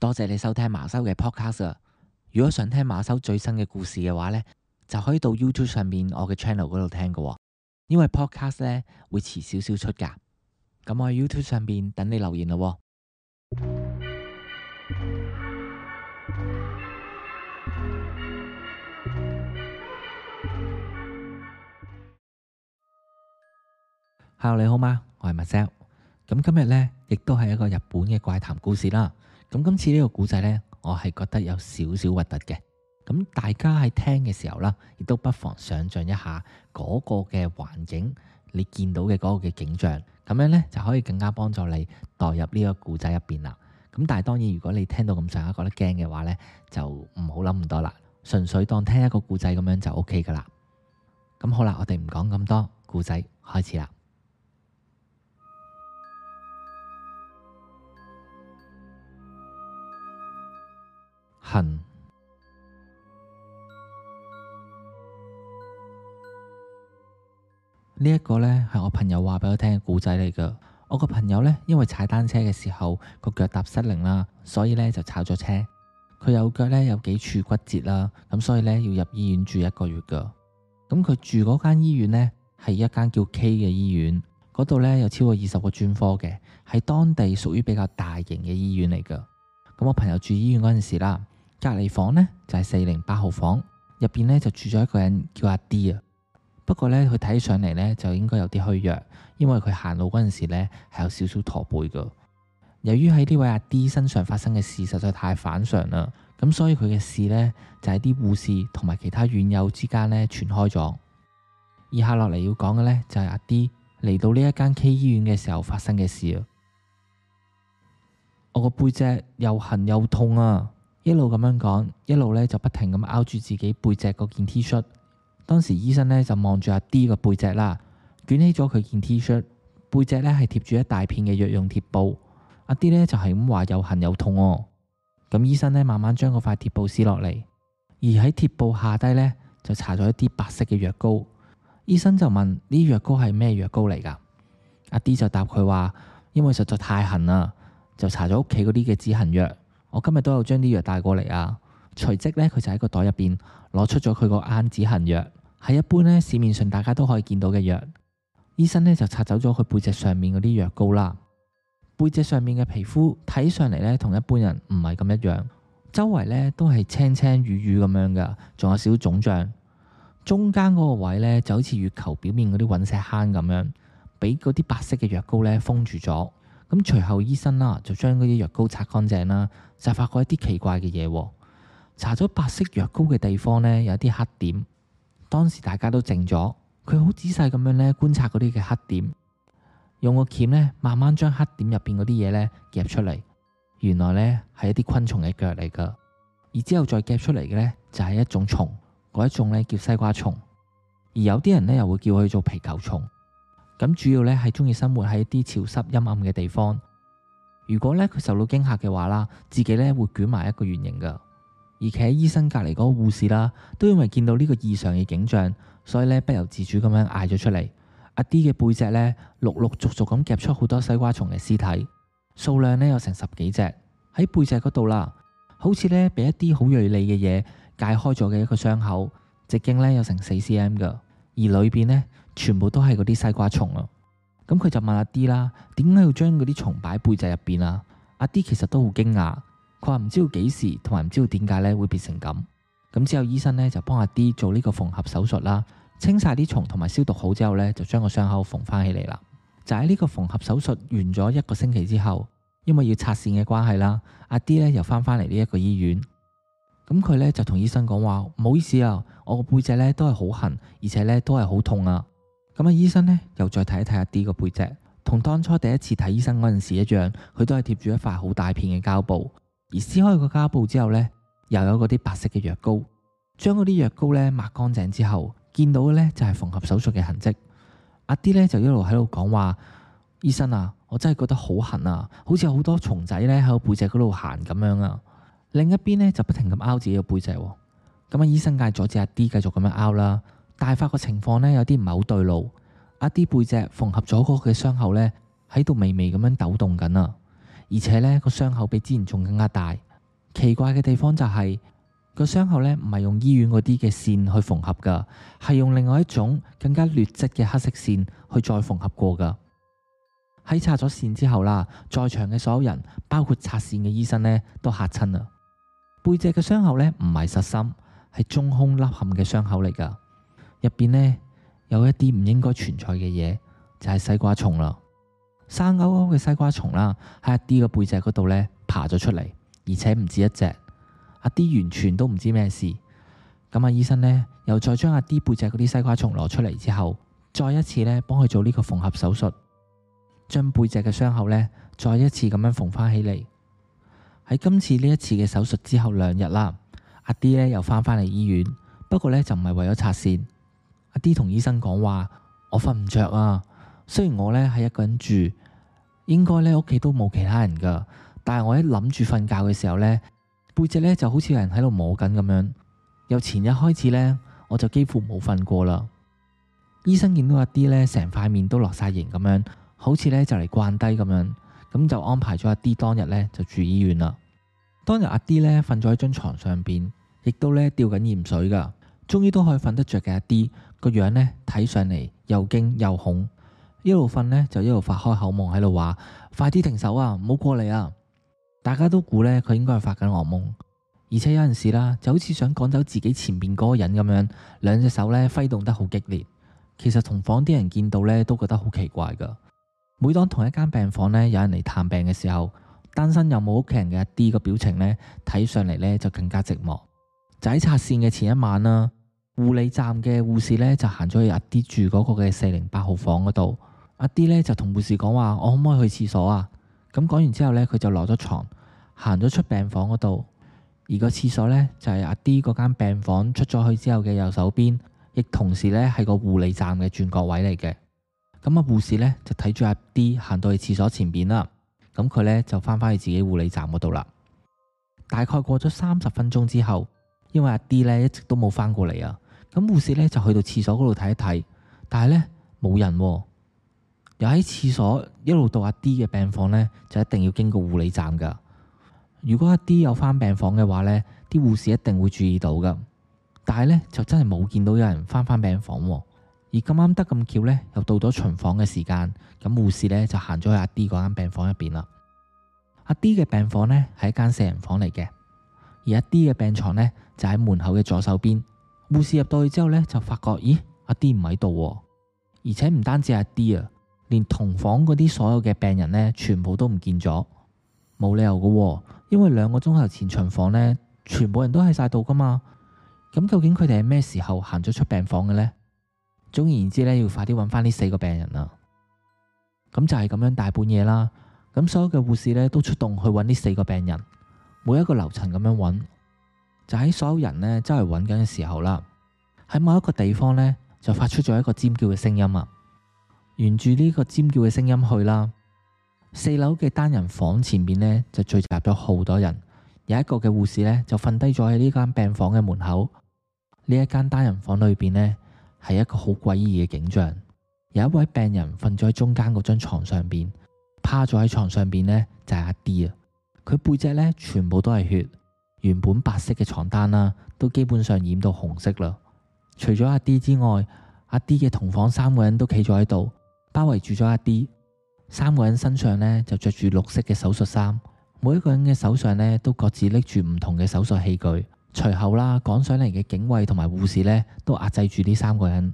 多謝你收聽馬修嘅 podcast。如果想聽馬修最新嘅故事嘅話呢，就可以到 YouTube 上面我嘅 channel 嗰度聽噶。因為 podcast 呢，會遲少少出噶。咁我喺 YouTube 上面等你留言咯。 Hello，你好嗎？我係 Marcel。咁今日呢，亦都係一個日本嘅怪談故事啦。咁今次呢個故仔呢，我係覺得有少少核突嘅。咁大家喺聽嘅時候啦，亦都不妨想象一下嗰個嘅環境，你見到嘅嗰個嘅景象，咁樣呢就可以更加幫助你代入呢個故仔入邊啦。咁但係當然，如果你聽到咁上下覺得驚嘅話呢，就唔好諗咁多啦，純粹當聽一個故仔咁樣就 OK 噶啦。咁好啦，我哋唔講咁多，故仔開始啦。呢一個呢係我朋友話俾我聽嘅古仔嚟噶。我個朋友呢，因為踩單車嘅時候個腳踏失靈啦，所以呢就炒咗車。佢右腳呢，有幾處骨折啦，咁所以呢要入醫院住一個月噶。咁佢住嗰間醫院呢，係一間叫 K 嘅醫院，嗰度呢有超過二十個專科嘅，係當地屬於比較大型嘅醫院嚟噶。咁我朋友住醫院嗰陣時啦。隔離房呢，就係四零八號房，入邊呢，就住咗一個人叫阿 D 啊。不過呢，佢睇上嚟呢，就應該有啲虛弱，因為佢行路嗰陣時呢係有少少駝背噶。由於喺呢位阿 D 身上發生嘅事實在太反常啦，咁所以佢嘅事呢，就喺啲護士同埋其他院友之間呢傳開咗。以下落嚟要講嘅呢，就係阿 D 嚟到呢一間 K 醫院嘅時候發生嘅事啊。我個背脊又痕又痛啊！一路咁樣講，一路咧就不停咁拗住自己背脊嗰件 T 恤。當時醫生咧就望住阿 D 個背脊啦，捲起咗佢件 T 恤，shirt, 背脊咧係貼住一大片嘅藥用貼布。阿 D 咧就係咁話又痕又痛哦。咁醫生咧慢慢將嗰塊貼布撕落嚟，而喺貼布下低咧就搽咗一啲白色嘅藥膏。醫生就問呢藥膏係咩藥膏嚟㗎？阿 D 就答佢話，因為實在太痕啦，就搽咗屋企嗰啲嘅止痕藥。我今日都有將啲藥帶過嚟啊！隨即呢，佢就喺個袋入邊攞出咗佢個眼止痕藥，係一般呢市面上大家都可以見到嘅藥。醫生呢就拆走咗佢背脊上面嗰啲藥膏啦。背脊上面嘅皮膚睇上嚟呢，同一般人唔係咁一樣，周圍呢都係青青瘀瘀咁樣嘅，仲有少少腫脹。中間嗰個位呢，就好似月球表面嗰啲隕石坑咁樣，俾嗰啲白色嘅藥膏呢封住咗。咁隨後醫生啦就將嗰啲藥膏擦乾淨啦。就發覺一啲奇怪嘅嘢，查咗白色藥膏嘅地方呢，有啲黑點，當時大家都靜咗，佢好仔細咁樣呢觀察嗰啲嘅黑點，用個鉗呢慢慢將黑點入邊嗰啲嘢呢夾出嚟，原來呢係一啲昆蟲嘅腳嚟㗎，而之後再夾出嚟嘅呢，就係一種蟲，嗰一種呢叫西瓜蟲，而有啲人呢又會叫佢做皮球蟲，咁主要呢係中意生活喺一啲潮濕陰暗嘅地方。如果咧佢受到驚吓嘅話啦，自己咧會捲埋一個圓形噶，而且醫生隔籬嗰個護士啦，都因為見到呢個異常嘅景象，所以咧不由自主咁樣嗌咗出嚟。阿 D 嘅背脊咧，陸陸續續咁夾出好多西瓜蟲嘅屍體，數量咧有成十幾隻喺背脊嗰度啦，好似咧俾一啲好銳利嘅嘢解開咗嘅一個傷口，直徑咧有成四 cm 噶，而裏邊呢，全部都係嗰啲西瓜蟲啊。咁佢就問阿 D 啦，點解要將嗰啲蟲擺背脊入邊啊？阿 D 其實都好驚訝，佢話唔知道幾時，同埋唔知道點解咧會變成咁。咁之後醫生咧就幫阿 D 做呢個縫合手術啦，清晒啲蟲同埋消毒好之後咧，就將個傷口縫翻起嚟啦。就喺呢個縫合手術完咗一個星期之後，因為要拆線嘅關係啦，阿 D 咧又翻返嚟呢一個醫院。咁佢咧就同醫生講話：唔好意思啊，我個背脊咧都係好痕，而且咧都係好痛啊。咁啊，醫生咧又再睇一睇阿 D 個背脊，同當初第一次睇醫生嗰陣時一樣，佢都係貼住一塊好大片嘅膠布。而撕開個膠布之後咧，又有嗰啲白色嘅藥膏。將嗰啲藥膏咧抹乾淨之後，見到嘅咧就係縫合手術嘅痕跡。阿 D 咧就一路喺度講話：醫生啊，我真係覺得好痕啊，好似好多蟲仔咧喺我背脊嗰度行咁樣啊！另一邊咧就不停咁拗自己個背脊。咁啊，醫生梗係阻止阿 D 繼續咁樣拗啦。大化、啊、個情況呢，有啲唔係好對路，一啲背脊縫合咗個嘅傷口呢，喺度微微咁樣抖動緊啊。而且呢個傷口比之前仲更加大。奇怪嘅地方就係個傷口呢唔係用醫院嗰啲嘅線去縫合噶，係用另外一種更加劣質嘅黑色線去再縫合過噶。喺拆咗線之後啦，在場嘅所有人，包括拆線嘅醫生呢，都嚇親啊。背脊嘅傷口呢，唔係實心，係中空凹陷嘅傷口嚟噶。入邊呢，有一啲唔應該存在嘅嘢，就係西瓜蟲啦，生勾勾嘅西瓜蟲啦，喺阿 D 嘅背脊嗰度呢爬咗出嚟，而且唔止一隻。阿 D 完全都唔知咩事。咁阿醫生呢，又再將阿 D 背脊嗰啲西瓜蟲攞出嚟之後，再一次呢幫佢做呢個縫合手術，將背脊嘅傷口呢再一次咁樣縫返起嚟。喺今次呢一次嘅手術之後兩日啦，阿 D 呢又翻返嚟醫院，不過呢就唔係為咗拆線。阿 D 同醫生講話：我瞓唔着啊！雖然我咧係一個人住，應該咧屋企都冇其他人噶，但係我一諗住瞓覺嘅時候咧，背脊咧就好似有人喺度摸緊咁樣。由前日開始咧，我就幾乎冇瞓過啦。醫生見到阿 D 咧成塊面都落晒形咁樣，好似咧就嚟暈低咁樣，咁就安排咗阿 D 當日咧就住醫院啦。當日阿 D 咧瞓咗喺張床上邊，亦都咧吊緊鹽水噶。終於都可以瞓得着嘅一啲，個樣呢，睇上嚟又驚又恐，一路瞓呢，就一路發開口夢喺度話：快啲停手啊，唔好過嚟啊！大家都估呢，佢應該係發緊噩夢，而且有陣時啦，就好似想趕走自己前面嗰個人咁樣，兩隻手呢，揮動得好激烈。其實同房啲人見到呢，都覺得好奇怪噶。每當同一間病房呢，有人嚟探病嘅時候，單身又冇屋企人嘅一啲個表情呢，睇上嚟呢，就更加寂寞。就喺拆線嘅前一晚啦、啊。護理站嘅護士咧，就行咗去阿 D 住嗰個嘅四零八號房嗰度，阿 D 咧，就同護士講話：我可唔可以去厠所啊？咁講完之後咧，佢就落咗床，行咗出病房嗰度，而個厠所咧就係、是、阿 D 嗰間病房出咗去之後嘅右手邊，亦同時咧係個護理站嘅轉角位嚟嘅。咁啊，護士咧就睇住阿 D 行到去厠所前邊啦，咁佢咧就翻返去自己護理站嗰度啦。大概過咗三十分鐘之後，因為阿 D 咧一直都冇翻過嚟啊。咁，護士咧就去到廁所嗰度睇一睇，但係咧冇人、喎、又喺廁所一路到阿 D 嘅病房咧，就一定要經過護理站噶。如果阿 D 有翻病房嘅話咧，啲護士一定會注意到噶。但係咧就真係冇見到有人翻翻病房喎、哦。而咁啱得咁巧咧，又到咗巡房嘅時間，咁護士咧就行咗去阿 D 嗰間病房入邊啦。阿 D 嘅病房咧係一間四人房嚟嘅，而阿 D 嘅病床咧就喺門口嘅左手邊。護士入到去之後呢，就發覺咦，阿 D 唔喺度，而且唔單止阿 D 啊，連同房嗰啲所有嘅病人呢，全部都唔見咗，冇理由噶喎，因為兩個鐘頭前巡房呢，全部人都喺晒度噶嘛。咁究竟佢哋係咩時候行咗出病房嘅呢？總而言之呢，要快啲搵翻呢四個病人啊！咁就係咁樣大半夜啦，咁所有嘅護士呢，都出動去搵呢四個病人，每一個樓層咁樣搵。就喺所有人呢周圍搵緊嘅時候啦，喺某一個地方呢，就發出咗一個尖叫嘅聲音啊！沿住呢個尖叫嘅聲音去啦，四樓嘅單人房前面呢，就聚集咗好多人，有一個嘅護士呢，就瞓低咗喺呢間病房嘅門口。呢一間單人房裏邊呢，係一個好詭異嘅景象，有一位病人瞓咗喺中間嗰張床上邊，趴咗喺床上邊呢，就阿 D 啊，佢背脊呢，全部都係血。原本白色嘅床單啦、啊，都基本上染到紅色啦。除咗阿 D 之外，阿 D 嘅同房三個人都企咗喺度，包圍住咗阿 D。三個人身上呢，就着住綠色嘅手術衫，每一個人嘅手上呢，都各自拎住唔同嘅手術器具。隨後啦，趕上嚟嘅警衛同埋護士呢，都壓制住呢三個人。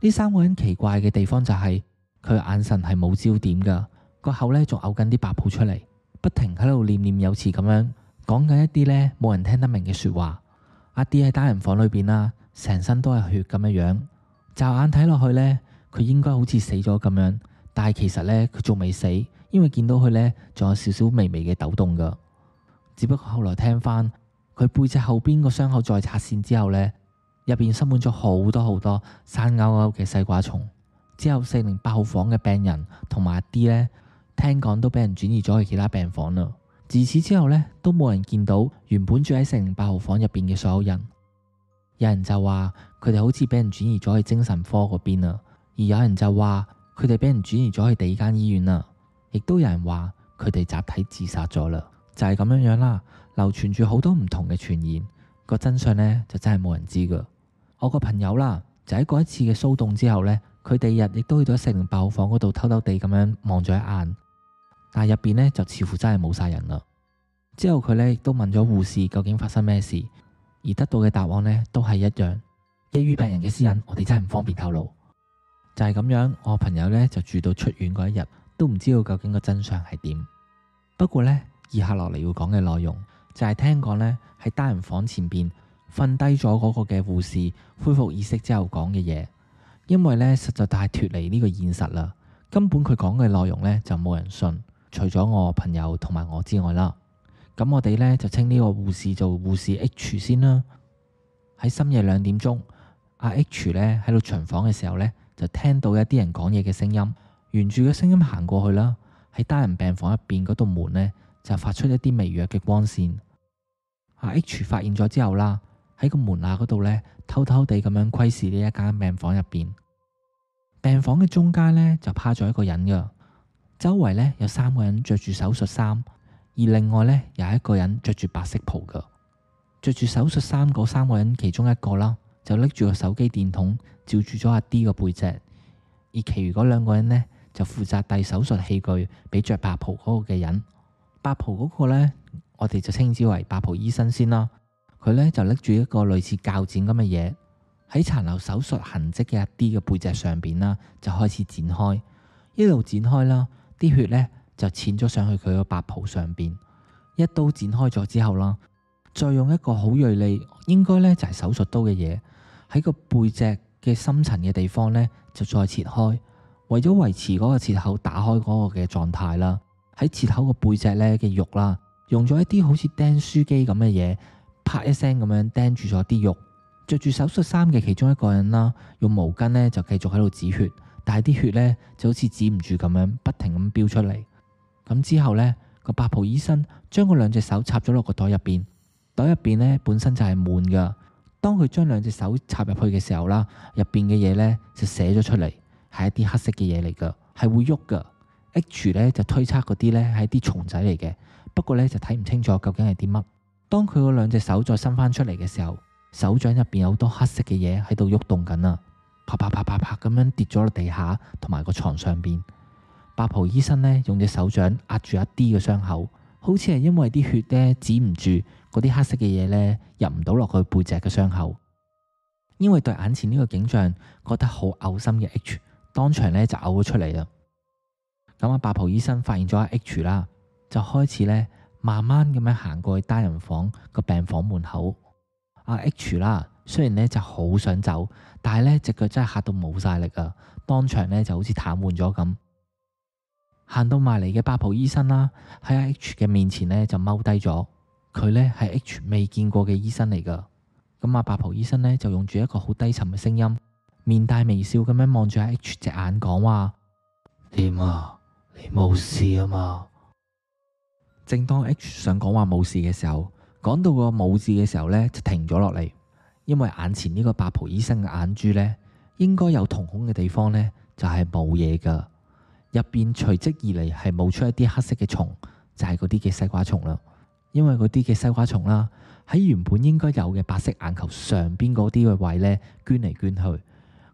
呢三個人奇怪嘅地方就係、是、佢眼神係冇焦點噶，個口呢，仲嘔緊啲白泡出嚟，不停喺度念念有詞咁樣。講緊一啲呢，冇人聽得明嘅說話，阿 D 喺單人房裏邊啦、啊，成身都係血咁嘅樣，樣，驟眼睇落去呢，佢應該好似死咗咁樣，但係其實呢，佢仲未死，因為見到佢呢，仲有少少微微嘅抖動噶。只不過後來聽翻佢背脊後邊個傷口再拆線之後呢，入邊塞滿咗好多好多生勾勾嘅西瓜蟲。之後四零八號房嘅病人同埋阿 D 呢，聽講都俾人轉移咗去其他病房啦。自此之後呢，都冇人見到原本住喺四零八號房入邊嘅所有人。有人就話佢哋好似俾人轉移咗去精神科嗰邊啊，而有人就話佢哋俾人轉移咗去第二間醫院啊。亦都有人話佢哋集體自殺咗啦，就係咁樣樣啦。流傳住好多唔同嘅傳言，個真相呢，就真係冇人知噶。我個朋友啦，就喺嗰一次嘅騷動之後呢，佢第日亦都去到四零八號房嗰度偷偷地咁樣望咗一眼。但入邊呢，就似乎真係冇晒人啦。之後佢呢亦都問咗護士究竟發生咩事，而得到嘅答案呢都係一樣，基於病人嘅私隱，我哋真係唔方便透露。就係咁樣，我朋友呢就住到出院嗰一日都唔知道究竟個真相係點。不過呢，以下落嚟要講嘅內容就係聽講呢喺單人房前邊瞓低咗嗰個嘅護士恢復意識之後講嘅嘢，因為呢實在太脫離呢個現實啦，根本佢講嘅內容呢就冇人信。除咗我朋友同埋我之外啦，咁我哋呢就稱呢個護士做護士 H 先啦。喺深夜兩點鐘，阿 H 呢喺度巡房嘅時候呢，就聽到一啲人講嘢嘅聲音，沿住嘅聲音行過去啦。喺單人病房入邊嗰度門呢，就發出一啲微弱嘅光線。阿 H 發現咗之後啦，喺個門下嗰度呢，偷偷地咁樣窺視呢一間病房入邊。病房嘅中間呢，就趴咗一個人㗎。周圍咧有三個人着住手術衫，而另外咧有一個人着住白色袍噶。着住手術衫嗰三個人其中一個啦，就拎住個手機電筒照住咗阿 D 嘅背脊，而其餘嗰兩個人呢，就負責遞手術器具俾着白袍嗰個嘅人。白袍嗰個呢，我哋就稱之為白袍醫生先啦。佢咧就拎住一個類似鉸剪咁嘅嘢，喺殘留手術痕跡嘅阿 D 嘅背脊上邊啦，就開始剪開，一路剪開啦。啲血咧就濺咗上去佢個白袍上邊，一刀剪開咗之後啦，再用一個好銳利，應該咧就係手術刀嘅嘢，喺個背脊嘅深層嘅地方咧就再切開，為咗維持嗰個切口打開嗰個嘅狀態啦，喺切口個背脊咧嘅肉啦，用咗一啲好似釘書機咁嘅嘢，啪一聲咁樣釘住咗啲肉，着住手術衫嘅其中一個人啦，用毛巾咧就繼續喺度止血。但係啲血咧就好似止唔住咁樣，不停咁飆出嚟。咁之後呢，個白袍醫生將嗰兩隻手插咗落個袋入邊，袋入邊呢本身就係悶噶。當佢將兩隻手插入去嘅時候啦，入邊嘅嘢呢就寫咗出嚟，係一啲黑色嘅嘢嚟噶，係會喐噶。H 咧就推測嗰啲呢係啲蟲仔嚟嘅，不過呢，就睇唔清楚究竟係啲乜。當佢嗰兩隻手再伸翻出嚟嘅時候，手掌入邊有好多黑色嘅嘢喺度喐動緊啊！啪啪啪啪啪咁樣跌咗落地下，同埋個床上邊。白袍醫生呢，用隻手掌壓住一啲嘅傷口，好似係因為啲血呢止唔住，嗰啲黑色嘅嘢呢，入唔到落去背脊嘅傷口。因為對眼前呢個景象覺得好嘔心嘅 H，當場呢就嘔咗出嚟啦。咁啊，白袍醫生發現咗阿 H 啦，就開始呢，慢慢咁樣行過去單人房個病房門口。阿、啊、H 啦。雖然咧就好想走，但係咧隻腳真係吓到冇晒力啊！當場咧就好似癱瘓咗咁行到埋嚟嘅白袍醫生啦，喺 H 嘅面前咧就踎低咗。佢咧係 H 未見過嘅醫生嚟噶。咁阿白袍醫生咧就用住一個好低沉嘅聲音，面帶微笑咁樣望住阿 H 隻眼，講話：點啊？你冇事啊嘛？正當 H 想講話冇事嘅時候，講到個冇字嘅時候咧就停咗落嚟。因為眼前呢個白袍醫生嘅眼珠呢，應該有瞳孔嘅地方呢，就係冇嘢噶。入邊隨即而嚟係冒出一啲黑色嘅蟲，就係嗰啲嘅西瓜蟲啦。因為嗰啲嘅西瓜蟲啦，喺原本應該有嘅白色眼球上邊嗰啲嘅位呢，捐嚟捐去，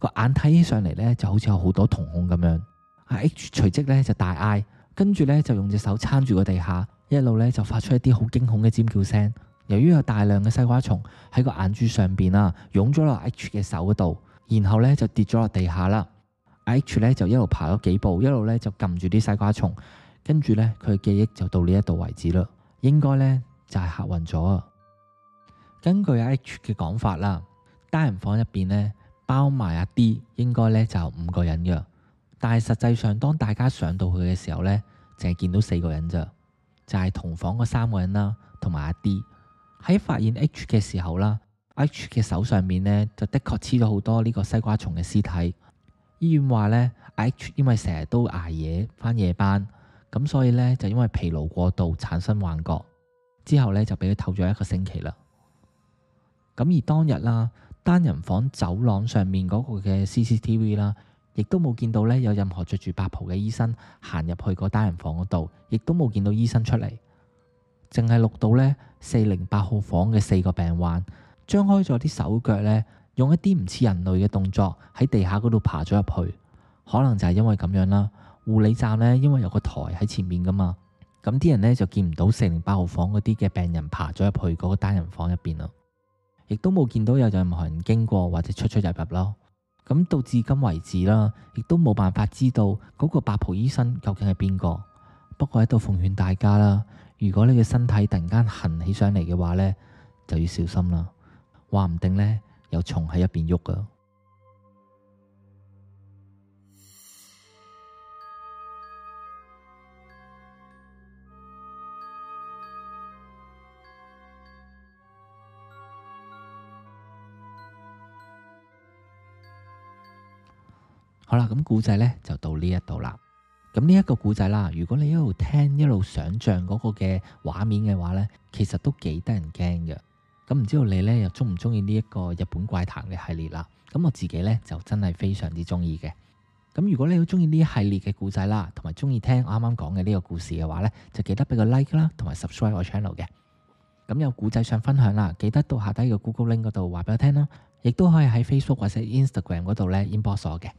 個眼睇起上嚟呢，就好似有好多瞳孔咁樣。阿 H 隨即呢，就大嗌，跟住呢，就用隻手撐住個地下，一路呢，就發出一啲好驚恐嘅尖叫聲。由於有大量嘅西瓜蟲喺個眼珠上邊啊，湧咗落 H 嘅手嗰度，然後咧就跌咗落地下啦。H 咧就一路爬咗幾步，一路咧就撳住啲西瓜蟲，跟住咧佢嘅記憶就到呢一度為止啦。應該咧就係、是、嚇暈咗啊。根據 H 嘅講法啦，單人房入邊咧包埋阿 D 應該咧就五個人嘅，但係實際上當大家上到去嘅時候咧，淨係見到四個人咋，就係、是、同房嗰三個人啦、啊，同埋阿 D。喺發現 H 嘅時候啦，H 嘅手上面呢就的確黐咗好多呢個西瓜蟲嘅屍體。醫院話呢，H 因為成日都挨夜返夜班，咁所以呢就因為疲勞過度產生幻覺，之後呢就俾佢唞咗一個星期啦。咁而當日啦，單人房走廊上面嗰個嘅 CCTV 啦，亦都冇見到呢有任何着住白袍嘅醫生行入去個單人房嗰度，亦都冇見到醫生出嚟。淨係錄到呢，四零八號房嘅四個病患張開咗啲手腳呢，用一啲唔似人類嘅動作喺地下嗰度爬咗入去。可能就係因為咁樣啦。護理站呢，因為有個台喺前面噶嘛，咁啲人呢就見唔到四零八號房嗰啲嘅病人爬咗入去嗰個單人房入邊啦，亦都冇見到有任何人經過或者出出入入咯。咁到至今為止啦，亦都冇辦法知道嗰個白袍醫生究竟係邊個。不過喺度奉勸大家啦。如果你嘅身體突然間痕起上嚟嘅話呢，就要小心啦，話唔定蟲 呢，有蟲喺一邊喐噶。好啦，咁古仔呢就到呢一度啦。咁呢一個故仔啦，如果你一路聽一路想像嗰個嘅畫面嘅話呢，其實都幾得人驚嘅。咁唔知道你呢又中唔中意呢一個日本怪談嘅系列啦？咁我自己呢，就真係非常之中意嘅。咁如果你好中意呢一系列嘅故仔啦，同埋中意聽我啱啱講嘅呢個故事嘅話呢，就記得俾個 like 啦，同埋 subscribe 我 channel 嘅。咁有故仔想分享啦，記得到下底個 Google Link 嗰度話俾我聽啦，亦都可以喺 Facebook 或者 Instagram 嗰度呢 inbox 我嘅。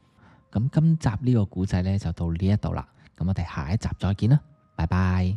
咁今集呢個故仔呢，就到呢一度啦，咁我哋下一集再見啦，拜拜。